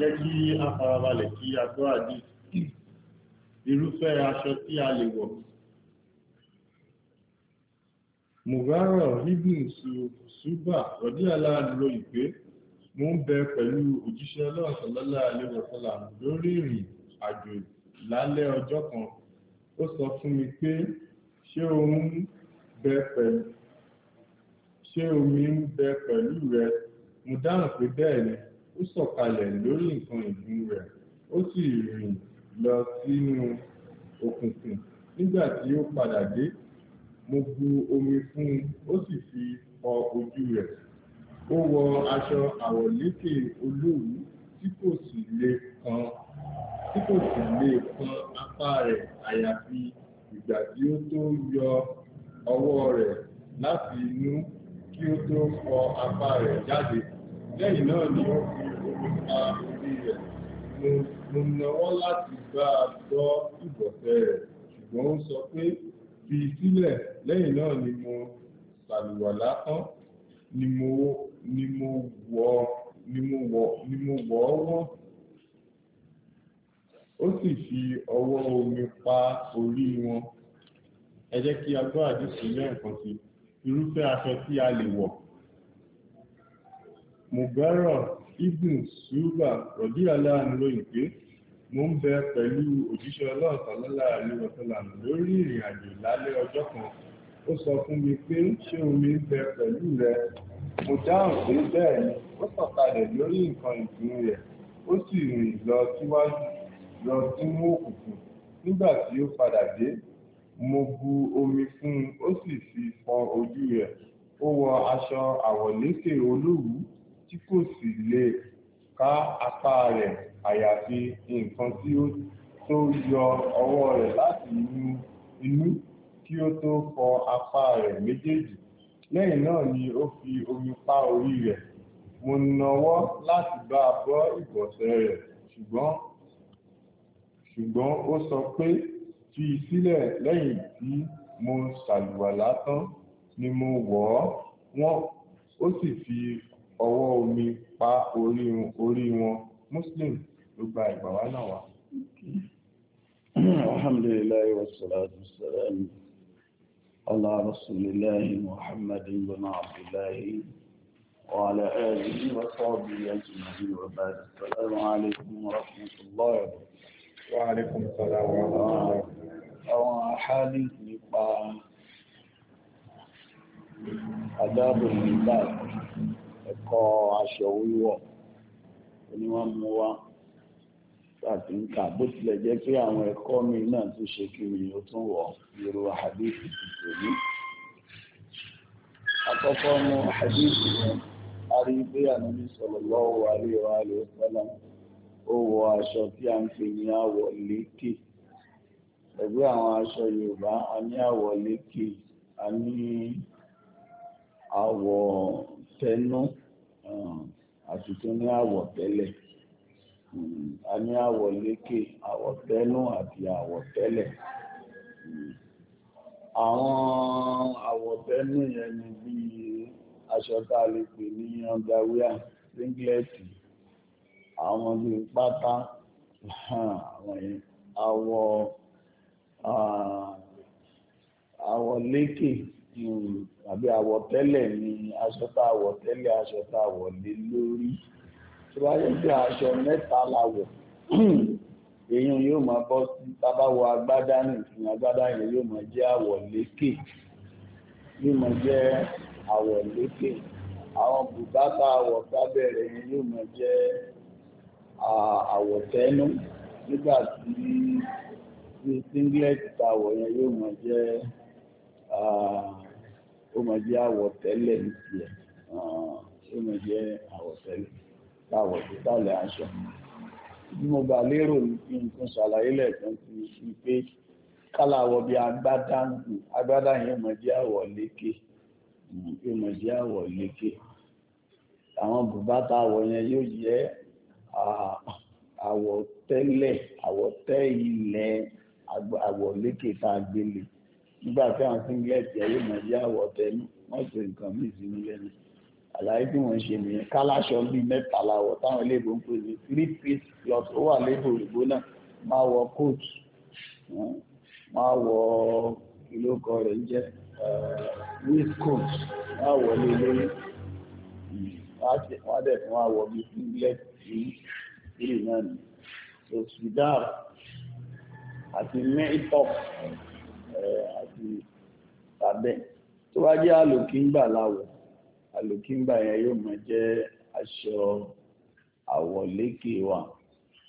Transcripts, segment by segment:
jẹ́ kí a farabalẹ̀ kí a tó àdí irúfẹ́ aṣọ tí a lè wọ̀. mùgbárọ̀ ibn ṣùgbà rọ̀dí aláàlúrò ìgbé mo ń bẹ pẹ̀lú òjíṣẹ́ ọlọ́ọ̀sọ̀lọ́lá alẹ́wọ̀sọ́lá lórí ìrìn àjò lálẹ́ ọjọ́ kan ó sọ fún mi pé ṣé omi ń bẹ pẹ̀lú rẹ mo dáhùn pé bẹ́ẹ̀ ni ó sọ̀kalẹ̀ lórí nǹkan ìgùn rẹ̀ ó sì rìn lọ sínú òkùnkùn nígbà tí ó padà dé mo bu omi fún un ó sì fi fọ ojú rẹ̀ ó wọ aṣọ àwọ̀lékè olówú tí kò sì lè kan tí kò sì lè kan apá rẹ̀ àyàfi ìgbà tí ó tó yọ ọwọ́ rẹ̀ láti inú kí ó tó fọ apá rẹ̀ jáde lẹ́yìn náà ni ó fi Mo nawọ́ láti bá a gbọ́ ìbọ̀sẹ̀ rẹ̀, ṣùgbọ́n ó sọ pé fi sílẹ̀ lẹ́yìn náà ni mo ṣàlùwàlá tán ni mo wọ̀ ọwọ́. Ó sì fi ọwọ́ omi pa orí wọn. Ẹ jẹ́ kí a gbọ́ àdísì lẹ́ẹ̀kan sí irúfẹ́ aṣọ tí a lè wọ̀. Mùgbẹ́rọ̀ ibn suba rọ̀dí aláàánú lóyìn pé mo ń bẹ pẹ̀lú òjíṣẹ́ ọlọ́ọ̀tàlọ́lá àríwọ̀tọ́là lórí ìrìn àjò lálẹ́ ọjọ́ kan ó sọ fún mi pé ṣé omi ń bẹ pẹ̀lú rẹ mo dáhùn pé bẹ́ẹ̀ ni ó sọ̀kalẹ̀ lórí nǹkan ìpín rẹ̀ ó sì rìn lọ síwájú lọ sínú òkùnkùn nígbà tí ó padà dé mo bu omi fún un ó sì fi fọ ojú rẹ̀ ó wọ aṣọ àwọ̀lékè olówùú tí kò sì lè ká apá rẹ̀ àyàfi nǹkan tí ó tó yọ ọwọ́ rẹ̀ láti inú kí ó tó fọ apá rẹ̀ méjèèjì lẹ́yìn náà ni ó fi omi pa orí rẹ̀ mo nawọ́ láti bá a bọ́ ìbọ̀sẹ̀ rẹ̀ ṣùgbọ́n ṣùgbọ́n ó sọ pé fi sílẹ̀ lẹ́yìn tí mo ṣàlùwàlá tán ni mo wọ̀ ọ́ wọ́n ó sì fi ọwọ́ omi pa orí wọn muslim ló gba ìgbà wá náà wá. alhamdulilayi wa salatu salam ala rasulillahi muhammadin bin abdullahi wa ala'adu yi wa sahbihi ajma'in wa ba'd assalamu alaykum wa rahmatullahi wa barakatuh wa alaykum assalam wa àwọn àhálì nípa adábòmí báyìí Eko aṣọ wíwọ̀ ni wọ́n mú wá láti ń kà bó tilẹ̀ jẹ́ pé àwọn ẹ̀kọ́ mi náà tún ṣe kí mi ó tún wọ̀ irú àdéhùn tuntun ní. àkọ́kọ́ mú àdéhùn yẹn a rí pé ànábì sallallahu alaihi wa alihi wasallam ó wọ aṣọ tí a ń pè ní tẹnu um, àtúntò ní àwọ̀ tẹ́lẹ̀ um, a ní àwọ̀ lékè àwọ̀ tẹnu àti àwọ̀ tẹ́lẹ̀ um, àwọn àwọ̀ tẹ́nu yẹn ni bí aṣọ tá a lè pè ní ọgbàwíà ringlẹ́tì àwọn bí pátá àwọn yẹn àwọ̀ ah, àwọ̀ lékè àbí àwọ̀ tẹ́lẹ̀ ni aṣọ tá a wọ̀ tẹ́lẹ̀ aṣọ tá a wọ̀ lé lórí tó bá yẹ kí aṣọ mẹ́ta la wọ̀ èyàn yóò máa bọ́ sí tábà wọ agbádá nìkan agbádá yẹn yóò máa jẹ́ àwọ̀ lékè yóò máa jẹ́ àwọ̀ lékè àwọn bùbátà àwọ̀ sábẹ̀rẹ̀ yẹn yóò máa jẹ́ àwọ̀ tẹ́nu nígbà tí singlet tàwọ̀ yẹn yóò máa jẹ́ àwọ̀ máa jẹ́ àwọ̀tẹ́lẹ̀ ní tiẹ̀ ó ah, máa jẹ́ àwọ̀tẹ́lẹ̀ táwọ̀ tó tàlẹ̀ aṣọ bí mo gbà lérò ní nǹkan ṣàlàyé lẹ́ẹ̀kan ti fi pé kálàwọ̀ bí agbádá ń gùn máa jẹ́ àwọ̀ lékè hmm, yóò máa jẹ́ àwọ̀ lékè àwọn bùbá táwọ̀ yẹn yóò jẹ́ ah, àwọ̀tẹ́lẹ̀ àwọ̀tẹ́ ilẹ̀ àwọ̀ lékè tá a gbélé nígbà tí àwọn singlẹ̀tì ẹ̀yẹ́ nàìjíríà wọ̀ tẹ́lú wọ́n ṣe nǹkan míì sí ní lẹ́nu àlàyé tí wọ́n ṣe nìyẹn káláṣọ bíi mẹ́ta láwọ̀ táwọn iléèbó ń pè ní three piece plus ó wà lébò òyìnbó náà máa wọ coat hm, máa wọ ìlókọ rẹ̀ ń jẹ́ eh, waist coat máa wọlé lórí wọ́n á dẹ̀ fún wa wọ bíi singlet ní ìlú náà ní so sudan àti mẹ́tọ̀ sí tàbẹ̀ tó bá jẹ́ àlòkíngbà láwọ̀ àlòkíngbà yẹn yóò je aṣọ àwọ̀lékè wa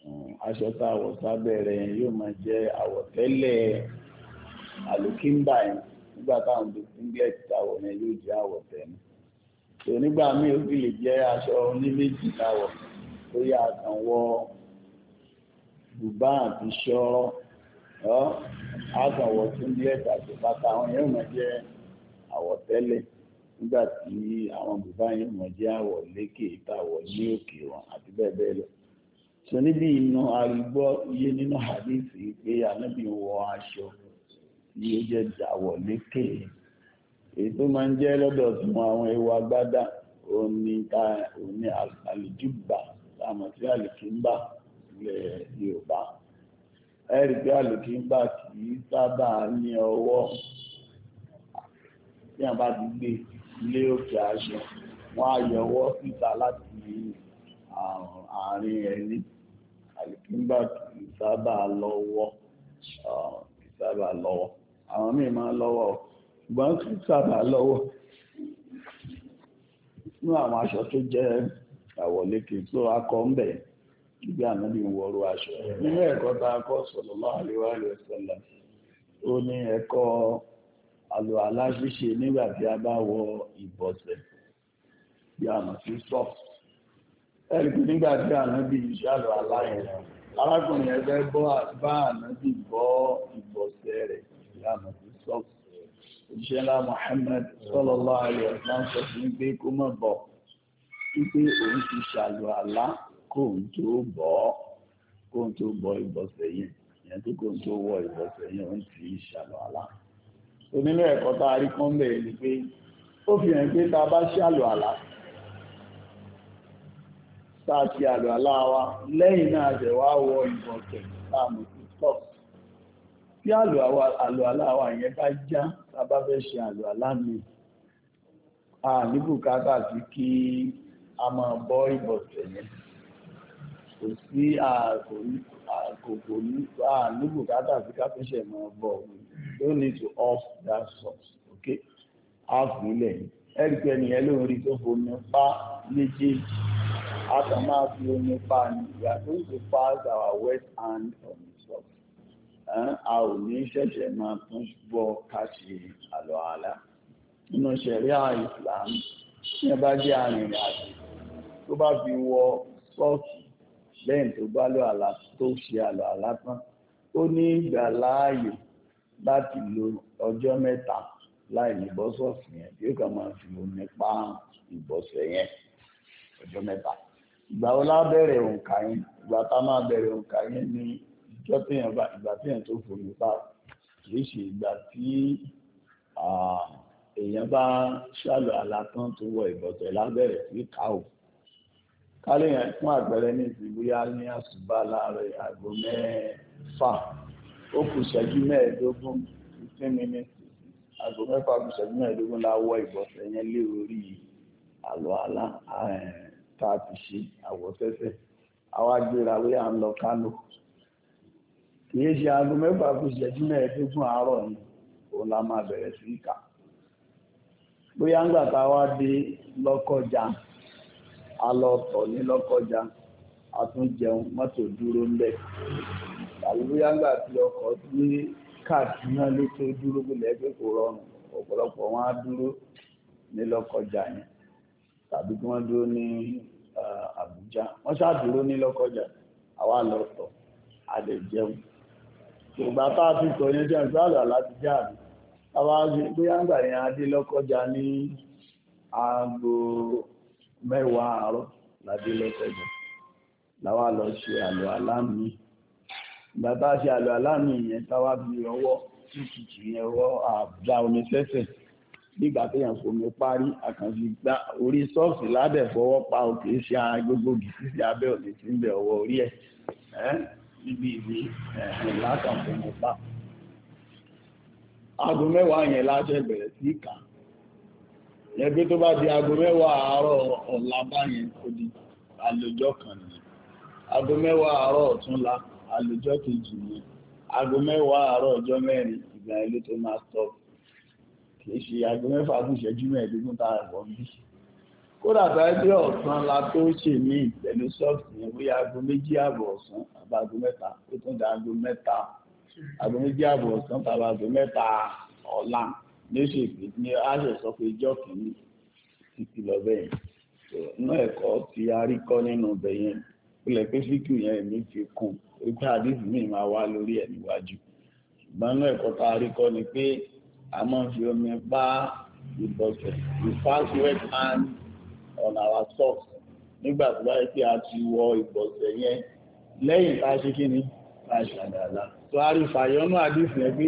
hmm, aṣọ tá àwọ̀ sábẹ́ rẹ̀ yẹn yóò máa jẹ́ àwọ̀tẹ́lẹ̀ àlòkíngbà yẹn nígbà táwọn tó singlet táwọ̀ yẹn yóò jẹ́ àwọ̀tẹ́lẹ̀ tó nígbà míì ó sì lè jẹ́ aṣọ oníméjì táwọ̀ tó yà kàn bùbá àti ọ́ àgànwọ̀ tún bí ẹ̀ka tó bàtà àwọn yẹn mọ̀ jẹ́ àwọ̀tẹ́lẹ̀ nígbà tí àwọn bùbá yẹn mọ̀ jẹ́ àwọ̀ lékè ní òkè wọn àti bẹ́ẹ̀ bẹ́ẹ̀ lọ. sọ níbi iná arúgbó iye nínú hadithi pé anábì wọ aṣọ tí ó jẹ́ àwọ̀ lékè èyí tó máa ń jẹ́ lọ́dọ̀ tún àwọn ewu agbádá òní ta òní ẹ̀rì pé àlòkíngbà kì í sábà ní ọwọ́ tí a bá ti gbé ilé òkè aṣọ wọ́n á yọ ọwọ́ síta láti àárín ẹni àlòkíngbà kì í sábà lọ́wọ́ kì í sábà lọ́wọ́ àwọn míì máa lọ́wọ́ ṣùgbọ́n kì í sábà lọ́wọ́ nínú àwọn aṣọ tó jẹ́ àwọ̀lékè tó akọ ń bẹ̀rẹ̀ nígbà ànábì ń wọrú aṣọ nínú ẹ̀kọ́ tá a kọ́ sallallahu alaihi wasallam ó ní ẹ̀kọ́ nígbà tí a bá wọ nọ bí àmọ̀ sí sọ́ọ̀fù ẹ̀rìkú nígbà tí ànábì arákùnrin bá bí sí ńlá Muhammad Sọlọlọ sọ fún pé kó kóun tó bọ́ kóun tó bọ́ ìbọ̀sẹ̀ yẹn ìyẹn tó kóun tó wọ ìbọ̀sẹ̀ yẹn ó ń tì í ṣàlùwàlá onílé ẹ̀kọ́ tá a rí kán bẹ̀rẹ̀ ni pé ó fi hàn pé tá a bá ṣàlùwàlá tá a ti àlùwàlá wa lẹ́yìn náà jẹ̀ wá wọ ìbọ̀sẹ̀ tá a mọ̀ sí top tí àlùwàlá wa yẹn bá já tá a bá fẹ́ ṣe àlùwàlá mi a ní sí kí a máa bọ́ ìbọ̀sẹ̀ yẹn kò sí àkókò àlúbùkátà sí káfíṣẹ̀ máa bọ̀ don't need to off that source okay off nílẹ̀ ẹ̀rìkẹ́ ni ẹ lóun rí tó fomi pa méjèèjì a kàn máa fi omi pa ni we are going to pass our wet hand on the source a ò ní ṣẹ̀ṣẹ̀ máa tún bọ́ káṣí àlọ́ àlá nínú ṣẹ̀ríà Islam ní ẹ bá jẹ́ arìnrìn àjò tó bá fi wọ sọ́ọ̀kì lẹ́yìn tó bá lọ àlá tó ṣe àlọ àlá tán ó ní ìgbà láàyè láti lo ọjọ́ mẹ́ta láì ní bọ́sọ̀ọ̀sì yẹn yóò kàn máa fi omi pa ìbọ̀sẹ̀ yẹn ọjọ́ mẹ́ta ìgbà wo la bẹ̀rẹ̀ òǹkà yẹn ìgbà tá máa bẹ̀rẹ̀ òǹkà yẹn ní ìjọ téèyàn bá ìgbà téèyàn tó fomi pa kìí ṣe ìgbà tí èèyàn bá ṣàlọ̀ àlá tán tó wọ ìbọ̀sẹ̀ lábẹ́rẹ̀ sí káò káléyàn fún àgbẹ̀rẹ̀ ní ìsìnbóyá ní àṣùbà láàárọ̀ àgọ́ mẹ́fà ó kù ṣẹ́jú mẹ́ẹ̀ẹ́dógún fifteen minutes àgọ́ mẹ́fà kù ṣẹ́jú mẹ́ẹ̀ẹ́dógún láwọ́ ìbọ̀sẹ̀ yẹn lé orí àlọ́ àlá eh, tá a ti ṣe àwọ̀tẹ́sẹ̀ àwa gbéra wí à ń lọ Kánò kìí ṣe aago mẹ́fà kù ṣẹ́jú mẹ́ẹ̀ẹ́dógún àárọ̀ ni òun la máa bẹ̀rẹ̀ sí í kà bóyá ń gbà tá a wá dé Lọ́kọ́jà. a lọ tọ̀ ní Lọ́kọ́jà a tún jẹun mọ́tò dúró ńbẹ̀ àlùbíyá ńgbà tí ọkọ̀ ní náà ló tó dúró gbọ́dọ̀ ẹgbẹ́ kò rọrùn ọ̀pọ̀lọpọ̀ wọn á dúró yẹn tàbí kí wọ́n dúró ní Àbújá wọ́n ṣáà dúró ní àwa a lè jẹun ìgbà tá a mẹ́wàá àárọ̀ láti lọ́sẹ̀gbọ̀n láwa lọ ṣe àlọ́ aláàmì bàbá ṣe àlọ́ aláàmì yẹn táwa bí ọwọ́ tútù yẹn ọwọ́ àbújá omi sẹ́sẹ̀ nígbà téèyàn fomi parí àkànfi gba orí sọ́ọ̀sì lábẹ́ fọwọ́ pa òkè ṣe gbogbo gìsísì abẹ́ òní tí ń bẹ ọwọ́ orí ẹ̀ níbi ìwé ẹ̀hìn lákànfọmọ pa. aago mẹ́wàá yẹn láṣẹ bẹ̀rẹ̀ sí kàn yẹgbẹ́ tó bá di aago mẹ́wàá àárọ̀ ọ̀la báyẹn kò di àlòjọ́ kan nìyẹn aago mẹ́wàá àárọ̀ ọ̀túnla àlòjọ́ kejì nìyẹn aago mẹ́wàá àárọ̀ ọjọ́ mẹ́rin ìgbà ilé tó máa stop kìí ṣe aago mẹ́fà kù ìṣẹ́jú mẹ́ẹ̀ẹ́dógún tá a wọ̀ bí kódà táyé bí ọ̀sán la tó ṣe mí pẹ̀lú sọ́ọ̀tì yẹn bóyá aago méjì ààbọ̀ ọ̀sán àbá aago mẹ́ta ó tún da aago mẹ́ta aago méjì ààbọ̀ ní àṣẹ sọ pé ìjọ kìíní títí lọ bẹ́ẹ̀ inú ẹ̀kọ́ tí a rí kọ́ nínú ibẹ̀ yẹn pílẹ̀ pé fíkù yẹn èmi fi kún wípé àdìsí mi máa wá lórí ẹ̀ níwájú ṣùgbọ́n inú ẹ̀kọ́ tá a rí kọ́ ni pé a máa ń fi omi pa ìbọ̀sẹ̀ ìfásíwẹ̀t hand on our socks nígbà tó báyìí pé a ti wọ ìbọ̀sẹ̀ yẹn lẹ́yìn tá a ṣe kí ni tá a ṣàdàlà tó a rí fàyọ́nú àdìsí yẹn pé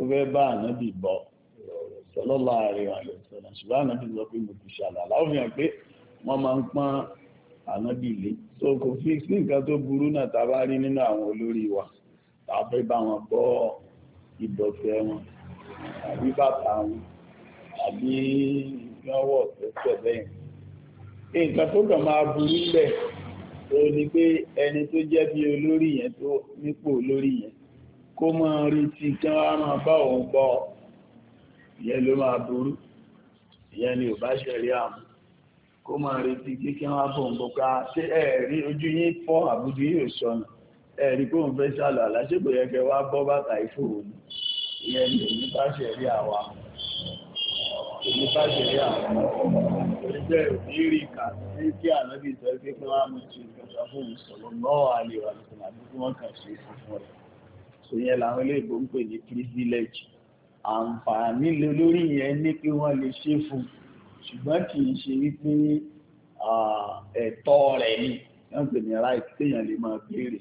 ó fẹ́ bá ànábì bọ̀ sọlọ́lá àríwá ìlọsọ̀nà ṣùgbọ́n ànábì sọ pé mo ti ṣàlàlá ó fi hàn pé wọ́n máa ń pọ́n ànábì lé so kò fi sí nǹkan tó burú náà tá a bá rí nínú àwọn olórí a fẹ́ bá wọn bọ́ ìdọ̀tẹ̀ wọn tàbí bàtà wọn tàbí ìgbọ́wọ́ tẹ́tẹ̀ bẹ́ẹ̀. nǹkan tó kàn máa burú bẹ̀ ó ní pé ẹni tó jẹ́ bí olórí yẹn tó nípò olórí yẹn kó mọ́ retí kí wọ́n máa bá òun bọ́ ìyẹn ló máa burú ìyẹn ni ò bá ṣẹ̀rí àmú kó máa retí kí kí wọ́n bọ̀ ń bọ̀ ká ṣé ẹ̀ẹ̀rí ojú yín fọ́ àbújú yóò sọnù ẹ̀ẹ̀rí kó ń fẹ́ sálọ àláṣẹ́gbò yẹ kẹ wá bọ́ bàtà ìfòòrùn ìyẹn ni òní bá ṣẹ̀rí àwa òní bá ṣẹ̀rí àwọn oníṣẹ́ òní rí kà sí kí ànábì sọ pé kí wọ́n á mú ti ìgbàgbọ́ fún ìṣòro náà àlè wà lókun àbí kí kà ṣe é rẹ̀. so yẹn làwọn eléèbó ń pè ní privilege àǹfààní lórí yẹn ní pé wọ́n lè ṣe fún ṣùgbọ́n kì í ṣe wípé ẹ̀tọ́ rẹ̀ ni wọ́n pè ní lè máa béèrè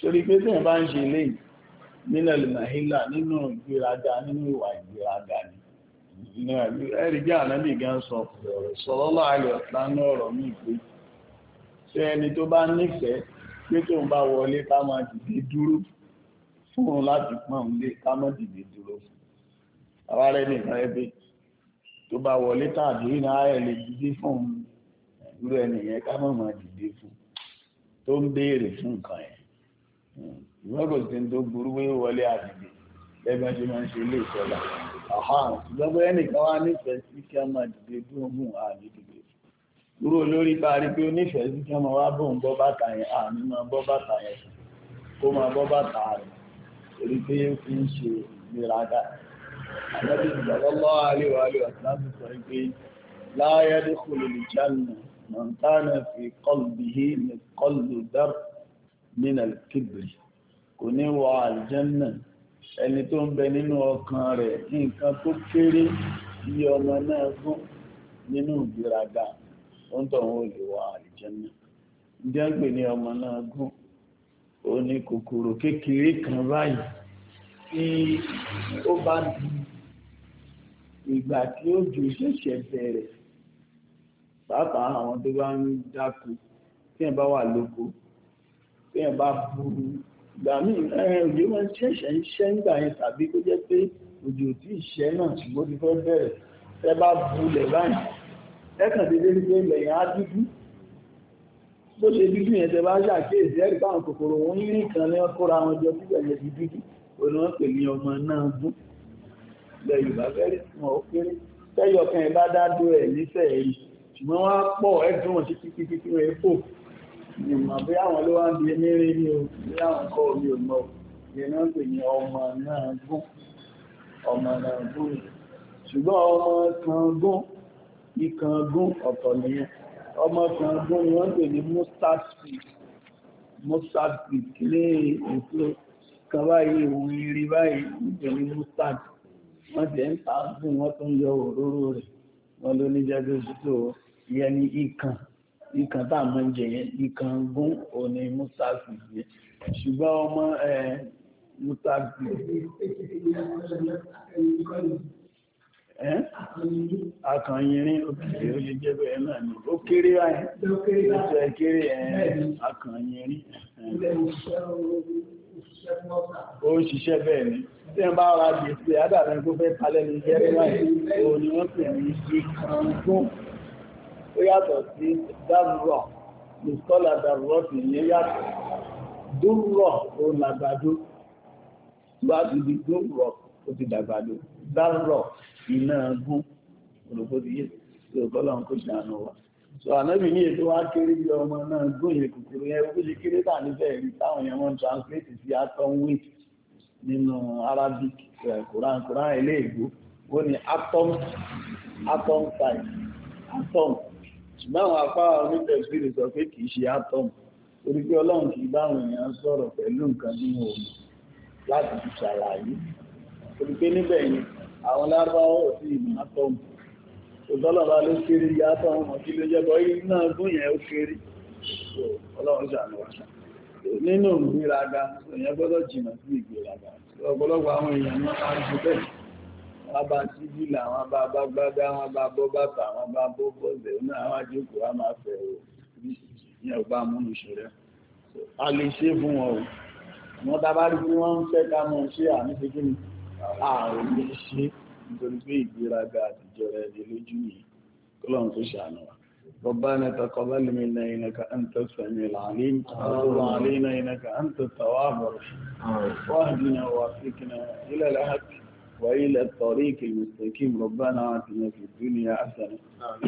sórí pé ni ẹ̀rí gan sọ ọ̀tá ọ̀rọ̀ mi pé ṣé ẹni pé tó ń bá wọlé ká máa dìde dúró fún un láti pọ́n òun lé ká máa dìde dúró fún un àwa rẹ̀ nìkan ẹbí tó bá wọlé tàbí iná ẹ̀ lè dìde fún un irú ẹnìyẹn ká máa máa dìde fún un tó ń béèrè fún nǹkan ẹ̀ ìwọ́n kò sí tó burú wé wọlé àdìdì lẹ́gbẹ́ ṣe máa ṣe ilé ìṣọ́lá ọ̀hán ìgbọ́gbọ́ ẹnìkan wá nífẹ̀ẹ́ sí kí a máa dìde dúró mú àdìdì Irú olórí bá rí pé onífẹ̀ẹ́ sí kí ọmọ wá bóun bọ́ bàtà yẹn, àmì máa bọ́ bàtà yẹn sùn, kó máa bọ́ bàtà rẹ̀, torí pé ó fi ń ṣe ìgbéraga. Àjọ́bí ìgbàlọ́lọ́ àríwá àríwá tí láti sọ pé láyádé kò lè ní wọ àlùjànnà ẹni tó ń bẹ nínú ọkàn rẹ̀ nǹkan tó kéré iye ọmọ náà fún nínú ìgbéraga ó ń tọ̀ wọn ò lè wọ àlìjẹ́nà ǹjẹ́ ń pè ní ọmọ náà gùn ó ní kòkòrò kékeré kan báyìí tí ó bá di ìgbà tí òjò ṣẹ̀ṣẹ̀ bẹ̀rẹ̀ pàápàá àwọn tó bá ń dáko tí ẹ̀ bá wà lóko tí ẹ̀ bá burú ìgbà míì eh, òjò máa ń ṣẹ̀ṣẹ̀ ń ṣẹ́ nígbà yẹn tàbí kó jẹ́ pé òjò tí ìṣẹ́ náà ṣùgbọ́n ti fẹ́ bẹ̀rẹ̀ tẹ́ bá bulẹ̀ báyìí ẹ̀kàn dédé ní pé lẹ̀yìn á dúdú bó ṣe dúdú yẹn tẹ bá ṣàkíyèsí ẹ̀rí báwọn kòkòrò wọn ń rí kan lẹ́yìn wọn jọ síbẹ̀ yẹn dúdú òun wọn pè ní ọmọ náà dún lẹ̀ Yorùbá fẹ́rẹ̀ wọn ó kéré tẹ́yọ̀ kan ẹ̀ bá dá dúró ẹ̀ nífẹ̀ẹ́ yìí ṣùgbọ́n wọ́n pọ̀ ẹ̀dùn wọn sí kíkíkí wọn èèpo ìmọ̀ bí àwọn ló wá ń bí mẹ́rin ní o bí àwọn kọ́ omi ò mọ̀ ìrìnà pè ní ọmọ náà gún ọmọ náà gún ṣùgbọ́n ọmọ kan gún ìkàngún ọ̀tọ̀ nìyẹn ọmọ ìkàngún ni wọ́n pè ní mustard seed ní èso kan báyìí òun irin báyìí wọ́n pè ní mustard wọ́n ti ń ta fún wọ́n tó ń yọ òróró rẹ̀ wọ́n ló ní jẹ́ tó ìyẹn ní ìkàn ìkàn tá à mọ́ ń jẹ yẹn ìkàngún òní mustard seed yẹn ṣùgbọ́n ọmọ mustard seed akànyìnrín obìnrin ó lè jẹ́ bẹ́ẹ̀ náà ni ó kéré ayé ó tẹ́ kéré akànyìnrín ó ṣiṣẹ́ bẹ́ẹ̀ ni tí ẹ bá ra gbèsè adàbẹ̀ tó fẹ́ talẹ́ ní jẹ́rẹ́ láì ó ní wọ́n pè ní ìkàngún ó yàtọ̀ sí dárúrọ̀ nìkọ́lá dárúrọ̀ sì ní yàtọ̀ dúrúrọ̀ ó làgbàdo tó bá ti iná gún olùkódìyẹ tí ó kọ́lọ̀ ń kó ṣàánú wa so ànábì ní ètò wá kéré bí ọmọ náà gún ìrìn kòkòrò yẹn ó ṣe kéré tà níbẹ̀ rí táwọn yẹn wọ́n translate sí atom weight nínú Arabic Quran Quran eléègbó ó ni atom atom size atom ṣùgbọ́n àwọn apá onítẹ̀síìrì sọ pé kì í ṣe atom torí pé ọlọ́run kì í báwọn èèyàn sọ̀rọ̀ pẹ̀lú nǹkan bí wọn ò mọ̀ láti fi ṣàlàyé torí pé níbẹ̀ yẹn àwọn lárúbáwọ̀ sí ìmọ̀ àtọ́mù ọ̀dọ́lọ́ba ló kéré ya tọ́wọ́n mọ̀ kí ló jẹ́bọ̀ yìí náà gún yẹn ó kéré ọlọ́run ṣàlùwà nínú ìgbéraga èèyàn gbọ́dọ̀ jìnnà sí ìgbéraga ọ̀pọ̀lọpọ̀ àwọn èèyàn náà máa ń ṣe bẹ́ẹ̀ wọ́n bá sí bílà wọ́n bá bá gbádá wọ́n bá bọ́ bàtà wọ́n bá bọ́ bọ́ọ̀lẹ̀ náà wọ́n jókòó wọ́n máa fẹ́ o ní ọgbà múnú ṣẹlẹ̀ a lè ṣe fún wọn o wọ́n dábàá rí pé wọ́n ń fẹ́ ká mọ̀ ṣe àmì ربنا تقبل منا إنك أنت السميع العليم وتب علينا إنك أنت التواب الرحيم واهدنا وافقنا إلى العهد وإلى الطريق المستقيم ربنا اعطنا في الدنيا حسنة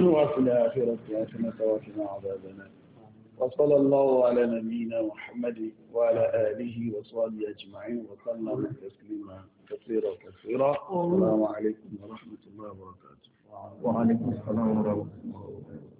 وفي الآخرة حسنة وقنا عذاب النار وصلى الله على نبينا محمد وعلى آله وصحبه أجمعين وسلم تسليما كثيرا كثيرا والسلام عليكم ورحمة الله وبركاته وعليكم السلام ورحمة الله وبركاته